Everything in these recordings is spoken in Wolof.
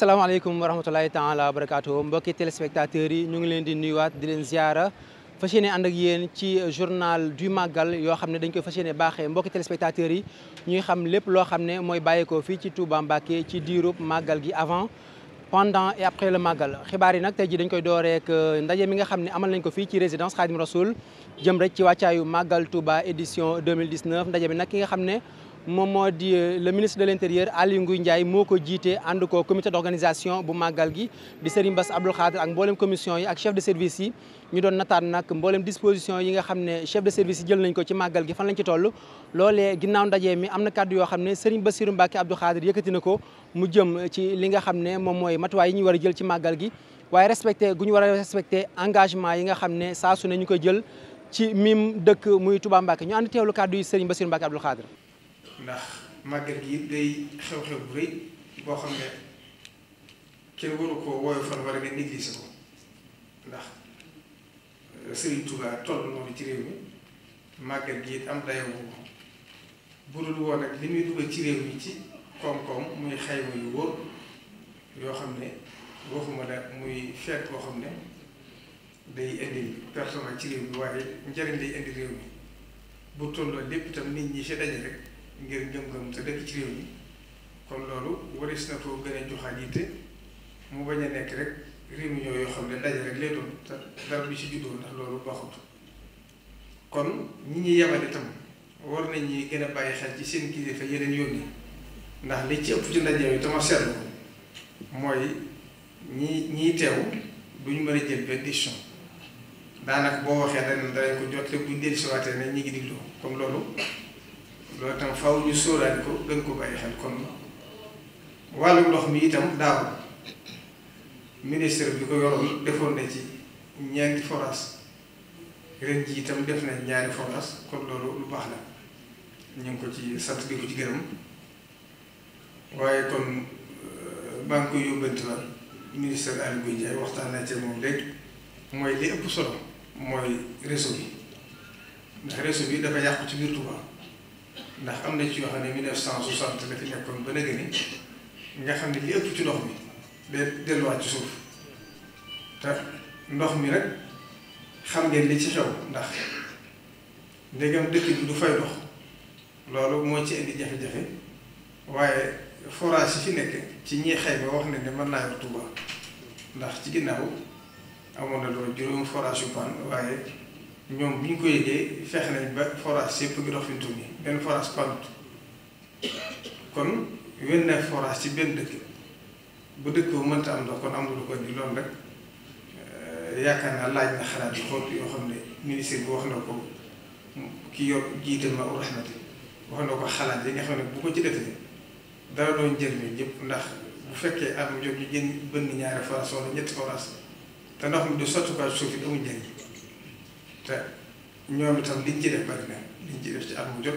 asalaamaaleykum wa rahmatulahi taala wa barakaatu mbokki téléspectateurs yi ñu ngi leen di nuyuwaat di leen ziara fas yéene ànd ak yéen ci journal du Magal yoo xam ne dañ koy fas yéene baaxee mbokki téléspectateurs yi ñuy xam lépp loo xam ne mooy bàyyeekoo fii ci Touba Mbacké ci diirub Magal gi avant pendant et après le Magal xibaar yi nag tey ji dañ koy dooreek euh, ndaje mi nga xam ne amal nañ ko fii ci résidence Khadim Rasoul jëm rek ci wàccaayu Magal Touba édition 2019 ndaje bi nag ki nga xam ne moom moo di euh, le ministre de l' intérieur Aliou Ngouye Ndiaye moo ko jiite ànd ko comité d' bu màggal gi di Serigne Bass Abdoul Khadr ak mboolem commission yi ak chef de service yi ñu doon nataan nag mboolem disposition yi nga xam ne chef de service yi jël nañ ko ci màggal gi fan lañ ci toll loolee ginnaaw ndaje mi am na kàddu yoo xam ne Serigne Bassirou Mbacké Abdoul Khadr yëkkati na ko mu jëm ci li nga xam ne moom mooy matuwaay yi ñu war a jël ci màggal gi waaye respecté gu ñu war a engagement yi nga xam ne saa su ñu koy jël ci mim dëkk muy Touba Mbacké ñu ànd teewlu kàddu yi Serigne Bassirou Mbacké Abdoul ndax màgget gi day xew-xew bu rëy boo xam ne kenn waru ko woyofal wala nga négliger ko ndax euh, Serigne Touba toll noonu ci réew mi màgget gi it am dayoo bu budul woon ak li muy dugal ci réew muy xayma xam ne waxuma la muy feet boo xam ne day indi personnel ci réew mi waaye njëriñ lay indi réew mi bu tolloo lépp itam nit ñi ci daje rek. ngir gëm-gëm te dëkk ci réew mi kon loolu waris na koo gën a joxaat yitte mu bañ a nekk rek réunion yoo xam ne daje rek lay doon te dara bi ci juddoo ndax loolu baaxut kon ñi ñuy yabal itam war nañuy gën a bàyyi xel ci seen kilifa yeneen yónni ndax li ci ëpp ci ndaje yi dama seetlu mooy ñi ñiy teew duñu mën a jël benn décision daanaka boo waxee dañ danañ ko jot te buñ dellusiwaatee ne ñu ngi digloo comme loolu loolu itam faw ñu sóoraale ko gën ko bàyyi xel kon wàllu ndox mi itam daaw ministre bi ko yoroon defoon na ci ñeenti forage ren ji itam def na ñaari forage kon loolu lu baax la ñu ngi ko ci sant di ko ci gërëm waaye kon euh, maa ngi koy yóbbante la ministre Aly Ngouille waxtaan na ci moom léegi mooy li ëpp solo mooy réseau bi ndax réseau bi dafa yàqu ci biir Touba ndax am na ci yoo xam ne 1960 la fi nekkoon ba léegi ni nga xam ne li ëpp ci ndox mi day delluwaat ci suuf ta ndox mi rek xam ngeen li ci xew ndax ndegam dëkk bi du fay dox loolu moo ci indi jafe-jafe waaye forage yi fi nekk ci ñi xayma wax ne ne mën naa yor Touba ndax ci ginnaaw amoon na loolu juróom forage yu pan waaye. ñoom bi ñu ko yëgee fexe nañ ba forage si yëpp gi dox fi mu toll nii benn forage panut kon wenn na forage ci benn dëkk bu dëkk mënta am ndox kon amul lu ko di loolu rek eh, yaakaar naa laaj na xalaat yu xool yoo xam ne ministre bi wax na ko ki yor jiite ma u rahmati wax na ko xalaat yi nga xam ne bu ko ci defee dara doon jëriñu ñëpp ndax bu fekkee am jot ñu jën bënn ñaari forage wala ñetti forage te ndox mi du sotti ko suuf it amul njëriñ ñoom itam liñ ci def bari na liñ ci def ci at mu jot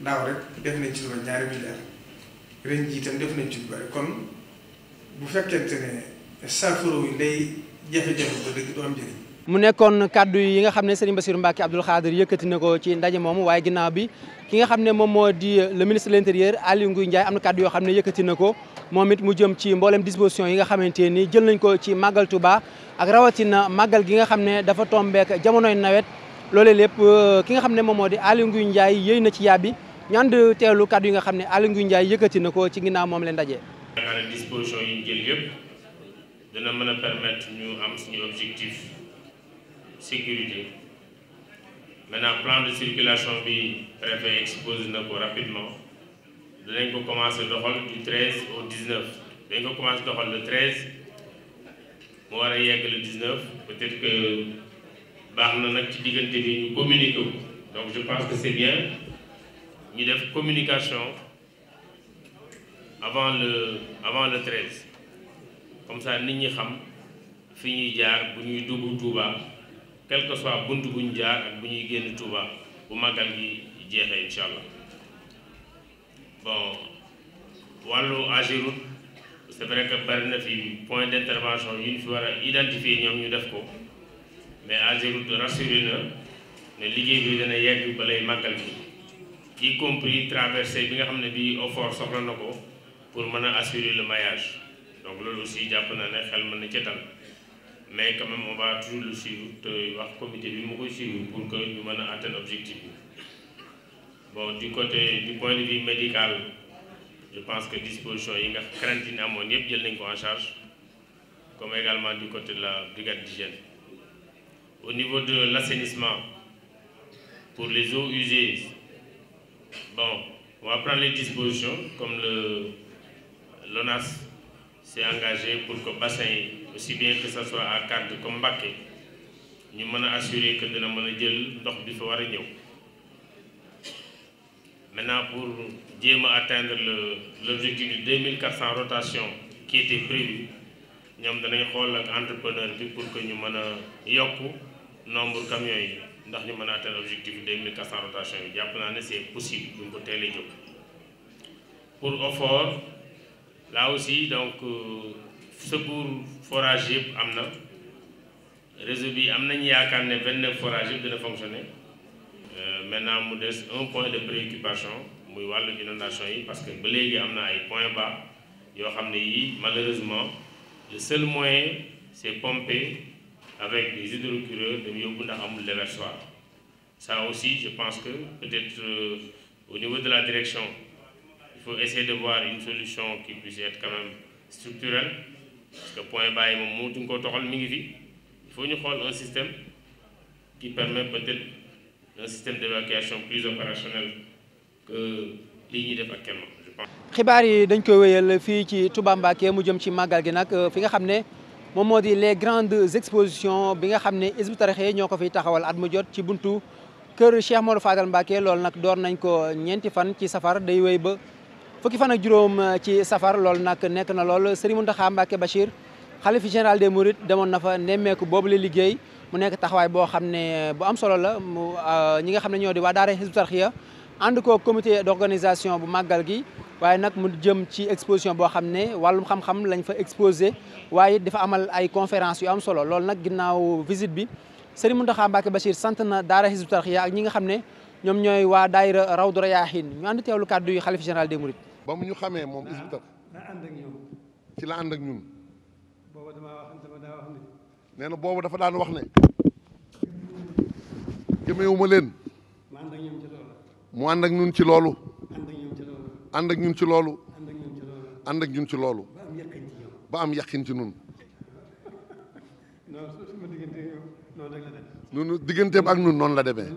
daaw rek def ñaari milliards ren def nañ ci lu bari kon bu fekkente ne saafara yi lay jafe-jafe ba dëgg du am njëriñ mu nekkoon kaddu yi nga xam ne Serigne Bassirou Mbacké Abdoul Khadir yëkkati na ko ci ndaje moom waaye ginnaaw bi ki nga xam ne moom moo di euh, le ministre de l'intérieur Aliou Ngouille Ndiaye am na kaddu yoo xam ne yëkkati na ko moom it mu jëm ci mboolem disposition yi nga xamante ni jël nañ ko ci màggal Touba ak rawatina màggal gi nga xam ne dafa tombeek jamonoy nawet loolee lépp euh, ki nga xam ne moom moo di Aliou Ngouille Ndiaye yëy na ci yàbbi ñu ànd teelu kaddu yi nga xam ne Aliou Ngouille Ndiaye yëkkati na ko ci ginnaaw moom leen ndaje sécurité maintenant plan de circulation bi préfet expose na ko rapidement danañ ko commencé doxal du 13 au 19 dañ ko commencé doxal le 13 mu war a yegg le 19 peut-être que baax na nag ci diggante bi ñu communiquer ko donc je pense que c'est bien ñu def communication avant le avant le 13 comme ça nit ñi xam fi ñuy jaar bu ñuy dugg Touba. quelque que soit bunt buñ jaar ak bu ñuy génn Touba bu màggal gi jeexee incha allah bon wàllu Ageroute c'est vrai que bari na fi point d'intervention yu ñu fi war a identifier ñoom ñu def ko mais Ageroute rassuré na ne liggéey bi dana yegg balay màggal gi y compris traversée bi nga xam ne bii effort soxla na ko pour mën a assurer le maillage donc loolu aussi jàpp na ne xel mën na ca mais quand même on va toujours le suivre te wax comité bi mu koy pour que ñu mën a atteindre objectif bon du côté du point de vue médical je pense que disposition yi nga crainte yi ne amoon yëpp jël nañ ko en charge comme également du côté de la brigade d'hygiène au niveau de l'assainissement pour les eaux usées bon on va prendre les comme le l'ONAS s'est engagé pour que bassin yi aussi bien que ça soit à Kàdd comme Mbàkke ñu mën a assurer que dina mën a jël ndox bi fa war a ñëw maintenant pour jéem a atteindre le l'objectif de deux mille quatre cent rotation qui était prévu ñoom danañ xool ak entrepreneur bi pour que ñu mën a yokk nombre camions yi ndax ñu mën a atteindre objectif bi deux mille quatre cent rotation yi jàpp naa ne c'est possible bu ñu ko teelee jóg pour effort là aussi donc. Euh, secours forage yëpp am na réseau bi am nañu yaakaar ne vingt neuf forage yëpp dina fonctionner euh, maintenant mu des un point de préoccupation muy wàllu inondation yi parce que ba léegi am na ay point bas yoo xam ne yii malheureusement le seul moyen c'est pomper avec des hydrocureurs dem yóbbu ndax amul déversoir ça aussi je pense que peut euh, au niveau de la direction il faut essayer de voir une solution qui puisse être quand même parce que point bàyyi moom mënatuñ koo toxal mi ngi fi il faut xool un système qui permet peut-être un système d'évacuation plus opérationnel que lii def actuellement je xibaar yi dañ koy wéyal fii ci Touba Mbacké mu jëm ci màggal gi nag fi nga xam ne moom moo di les grandes expositions bi nga xam ne Hizbut Tarqiyyah ñoo ko fiy taxawal at mu jot ci buntu kër Cheikh Modou Fadal Mbacké loolu nag door nañ ko ñeenti fan ci safar day wéy ba. fukki fan ak juróom eh, ci safar loolu nag nekk na lool Serigne Mountakha Mbacké Bachir xalif général des Mourides demoon na fa nemmeeku boobu la liggéey mu nekk taxawaay boo xam ne eh, bu am solo la mu eh, ñi nga xam ne ñoo di waa daara Hizbut Tarqiyyah ànd ko comité d'organisation bu màggal gi waaye nag mu jëm ci exposition boo xam ne wàllum xam-xam lañ fa exposé waaye dafa amal ay conférence yu am solo loolu nag ginnaaw visite bi Serigne Mountakha Mbacké Bachir sant na daara Hizbut Tarqiyyah ak ñi nga xam ne ñoom ñooy waa daayira Rawdu Rayaahin ñu ànd teewlu kàddu yu xalif général des Mourides ba mu ñu xamee moom Hizbut Tarqiyyah ak ñoom ci la ànd ak ñun booba na boobu dafa daan wax ne jëmewuma leen mu ànd ak ñun ci loolu mu ànd ak ñun ci loolu ànd ak ñun ci loolu ànd ak ñun ci loolu ba am yàqin ci ñun noonu digganteem ak ñun noonu la deme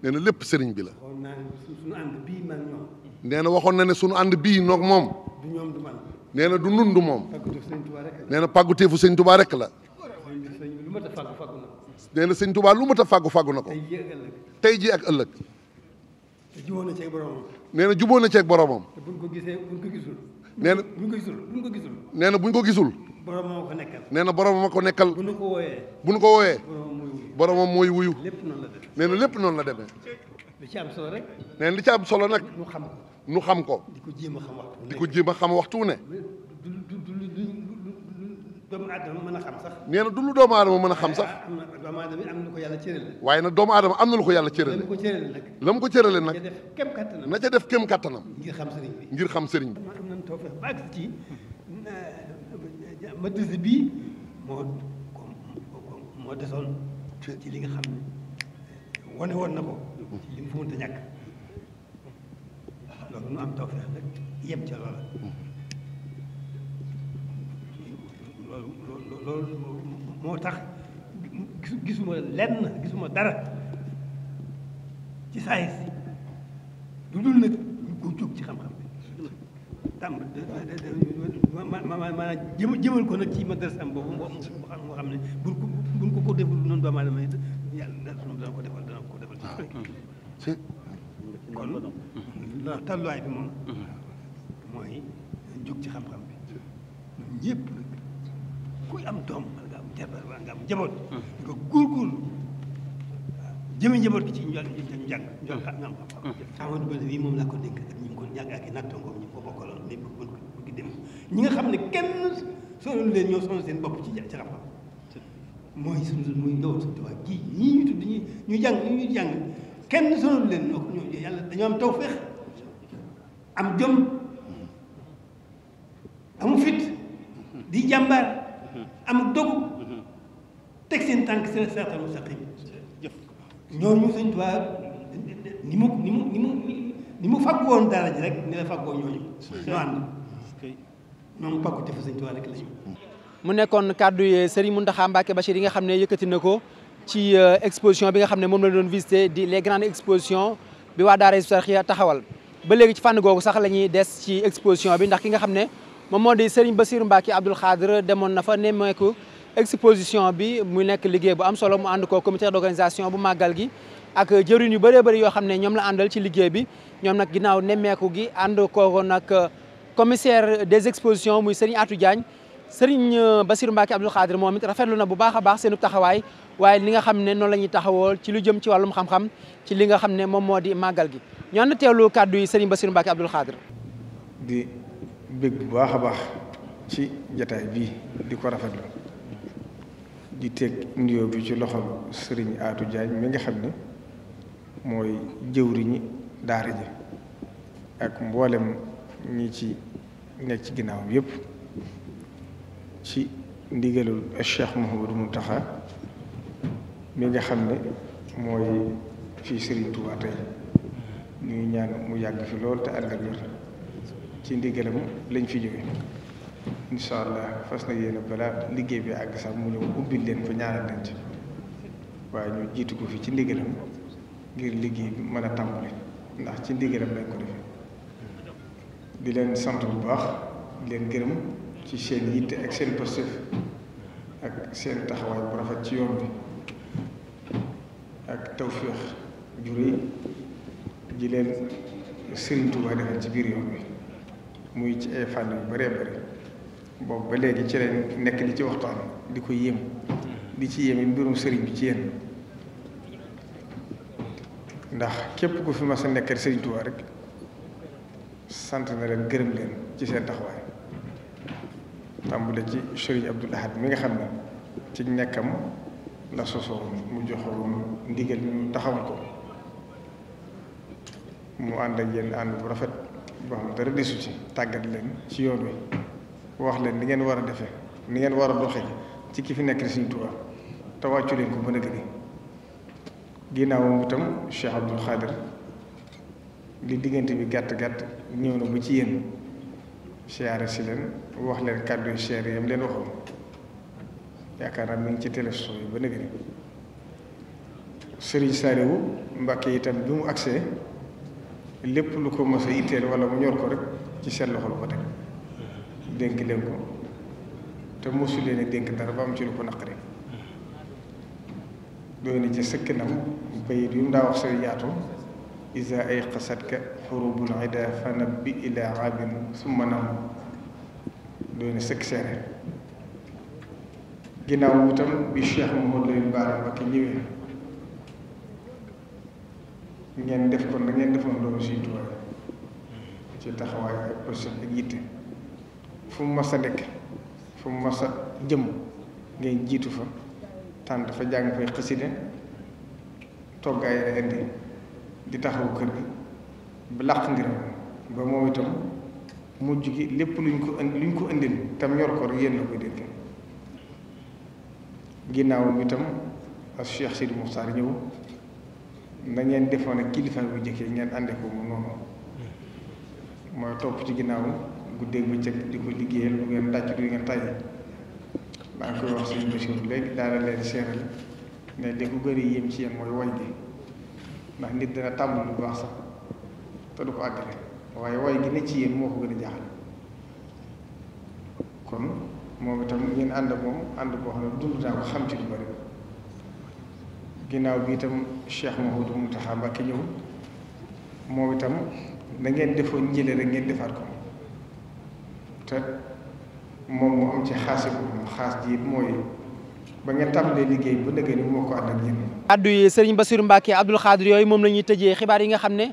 nee na lépp sëriñ bi la nee na waxoon na ne sunu ànd bii noog moom. du ñoom du man. na du nun du moom. nee na pàgguteefu sëñ Tuubaa rek la. nee na sëñ Tuubaa lu mat a fàggu fàggu na ko. tey jii ak ëllëg. jubóo na ceeg boromam. nee na jubóo na ceeg boromam. buñ ko gisee buñ ko gisul. nee na buñ ko gisul buñ ko gisul. na buñ ko boromam a ko nekkal. nee na ko nekkal. buñ ko wooyee. mooy wuyu. lépp noonu la na lépp noonu la demee. li ci am solo rek. nee li ci am solo nag. ñu xam nu xam ko. di ko jéem a xam waxtu ne di ko jéem a xam waxtu ne. du du du doomu aadama mën a xam sax. nee na du lu doomu aadama mën a xam sax. waaye ah, am na doomu aadama am na lu ko yàlla cëralee. waaye nag doomu aadama am na ko yàlla cëralee. la mu ko cëralee nag. ko cëralee nag. na ca def kem kattanam ca def kem kattanam. ngir xam sëriñ bi ngir xam sëriñ bi. am nañu tawfeex ba àgg ci madrasa moo desoon ci li nga xam ne wone woon na ko. ci li mu mënta ñàkk. loolu nu am tawfeex rek yem ca loola loolu loolu moo tax gisuma lenn gisuma dara ci saayis lu dul nag ñu ko jóg ci xam-xam ma maanaam jëm jëmal ko nag ci madrasam boobu moo xam ne buñ ko buñ ko ko deful noonu doomu aadama yi yàlla dana ko defal dana ko defal ci ah, kon loolu tàlluwaay bi moom. Mhm. mooy jóg ci xam-xam bi. ñun ñëpp am doom wala nga am jabar wala nga am njaboot. Mhm. nga góorgóorlu waaw jëme njaboot gi ci njàng njàng njàng xam Ba bii moom ko dénk ak ko ñàkk ak i nattangoom ñi mu ko nga xam ne kenn sonal leen ñoo sonal seen bopp ci ci xam-xam. mooy suñu muy ndawal ñu tudd ñi ñu jàng ñu jàng kenn sonal leen ñoo ko ñoo yàlla dañoo am tawfeex. am jom amu fit di jàmbaar am dogu teg seen tànk seen siraatal mustaqim ñooñu sëñ mu ni mu ni mu ni mu fàggoon dara ji rek ni la fàggoo ñooñu ñoo ànd ñoom pàggu tefa sëñ Tuubaa rek lañu mu nekkoon kàddu yi Serigne Mountakha Mbacké Bachir yi nga xam ne yëkkati na ko ci euh, exposition bi nga xam ne moom la doon visité di les grandes bi waa Daara Hizbut Tarqiyyah taxawal ba léegi ci fànn googu sax la ñuy des ci exposition bi ndax ki nga xam ne moom moo di Serigne Bassirou Mbacké Abdoul Khadre demoon na fa nemmeeku exposition bi muy nekk liggéey bu am solo mu ànd ko comité d'organisation bu màggal gi ak jëriñ yu bëree bëri yoo xam ne ñoom la àndal ci liggéey bi ñoom nag ginnaaw nemmeeku gi ànd kooku nag commissaire des expositions muy Serigne atu Diagne sëriñ euh, Bassirou Mbacke Abdoul Khadir moom it rafetlu na bu baax a baax seenu taxawaay waaye li nga xam ne noonu la ñuy taxawoo ci lu jëm ci wàllum xam-xam ci li nga xam ne moom moo di màggal gi ñoo na kàddu yi sëriñ Bassirou Mbacke Abdoul Khadir di bég a baax ci jataay bii di ko rafetlu di teg nuyoo ci loxol sëriñ Atou Diagne mi nga xam ne mooy jëwriñi daara ji ak mboolem ñi ci nekk ci ginnaaw yëpp. ci ndigalul Cheikh mu Mountakha mi nga xam ne mooy fii Serigne Touba tey ñuy ñaan mu yàgg fi lool te ànd ci ndigalam lañ fi jóge incha allah fas na yéene balaa liggéey bi àgg sax mu ñëw ubbil leen fa ñaanal leen ci waaye ñu jiitu ko fi ci ndigalam ngir liggéey bi mën a tàmbali ndax ci ndigalam lañ ko defee di leen sant bu baax di leen gërëm. ci seen yitte ak seen positif ak seen taxawaay bu rafet ci yoon bi ak tawféex ju rëy ji leen Sëriñ Tuubaa ci biir yoon bi muy ci ay fànn yu baree bëri boobu ba léegi ci leen nekk di ci waxtaan di ko yéem di ci yéem mbirum sëriñ bi ci yéen ndax képp ku fi ma a nekkal Sëriñ Tuubaa rek sant na leen gërëm leen ci seen taxawaay tàmbule ci Serigne Abdoul Ahad mi nga xam ne ci nekkam la sosoon mu joxoon ndigal ñu taxawal ko mu ànd ak yéen ànd bu rafet boo xam dara desu ci tàggat leen ci yoon wi wax leen li ngeen war a defee ni ngeen war a doxee ci ki fi nekk di Serigne Touba te wàccu leen ko ba nëgg ni ginnaawam itam Cheikh Abdoul Khadir li diggante bi gàtt gàtt ñëw na bu ci yéen siyaare si leen wax leen kàddu yu siyaare yam leen waxoon yaakaar naa mi ci télévision yi ba nëgg ni sëriñ Saliou yi tam bi mu agsee lépp lu ko mos a itteel wala mu ñor ko rek ci seen loxo la ko teg dénk leen ko te mosu leen dénk dara ba am ci lu ko naqari doy na ci sëkkinam bayit yu mu daa wax sëriñ yaatu isa ay xasatka kurubul ida fanab bi ila abin summa nam doy sëkk seere ginnaaw wutam bi Cheikh Mouhamadou Bara Mbacké ñëwee ngeen def kon da defoon loolu Sëriñ Tuubaa ci taxawaay ak position ak yitte fu mu mas nekk fu mu mas jëm ngeen jiitu fa tànt dafa jàng fay xasida toggaay la indi di taxaw kër gi làq ngir ba moom itam mujj gi lépp luñ ko indi luñ ko indil tam yor ko rek yéen la koy itam ak Cheikh ñëw na ngeen defoon ak kilifa bu njëkkee ngeen ànde ko moom noonu ci ginnaaw guddeeg bëccëg di ko liggéeyal lu ngeen tàcc ngeen tàyyi maa ngi koy wax suñu Bachir léegi daana leen seeral ne li ci yéen mooy way gi ndax nit dana tàmm lu baax sax. te du ko àggale waaye way gi ci yéen moo ko gën a jaaxal kon moom itam ngeen ànd moom ànd boo xam dund naa ko xam ci lu bari ginnaaw bi itam Cheikh ñëw moom itam da ngeen defoon njële ngeen defaat ko te moom mu am ci xaasi bu xaas ji mooy ba ngeen tàmbalee liggéey ba léegi ni moo ko ànd ak yéen. addu yi Serigne Bassirou Mbacké Abdoul Khadir yooyu moom la ñuy tëjee xibaar yi nga xam ne.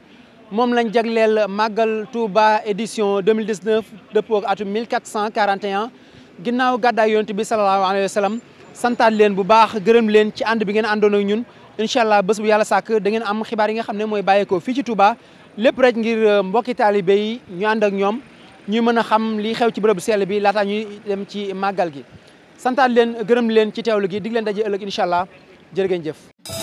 moom lañ jagleel màggal Touba édition 2019 dëppoo ak atum 1441 ginnaaw gàddaay yonent bi salallaahu alayhi wa sallam santaat leen bu baax gërëm leen ci ànd bi ngeen àndoon ak ñun incha allah bés bu yàlla sàkk da ngeen am xibaar yi nga xam ne mooy bàyyeekoo fii ci Touba lépp rek ngir euh, mbokki taalibe yi ñu ànd ak ñoom ñuy mën a xam li xew ci bërëb sell bi laataa ñuy dem ci màggal gi santaat leen gërëm leen ci teewlu gi dig leen daje ëllëg incha allah jërë ngeen jëf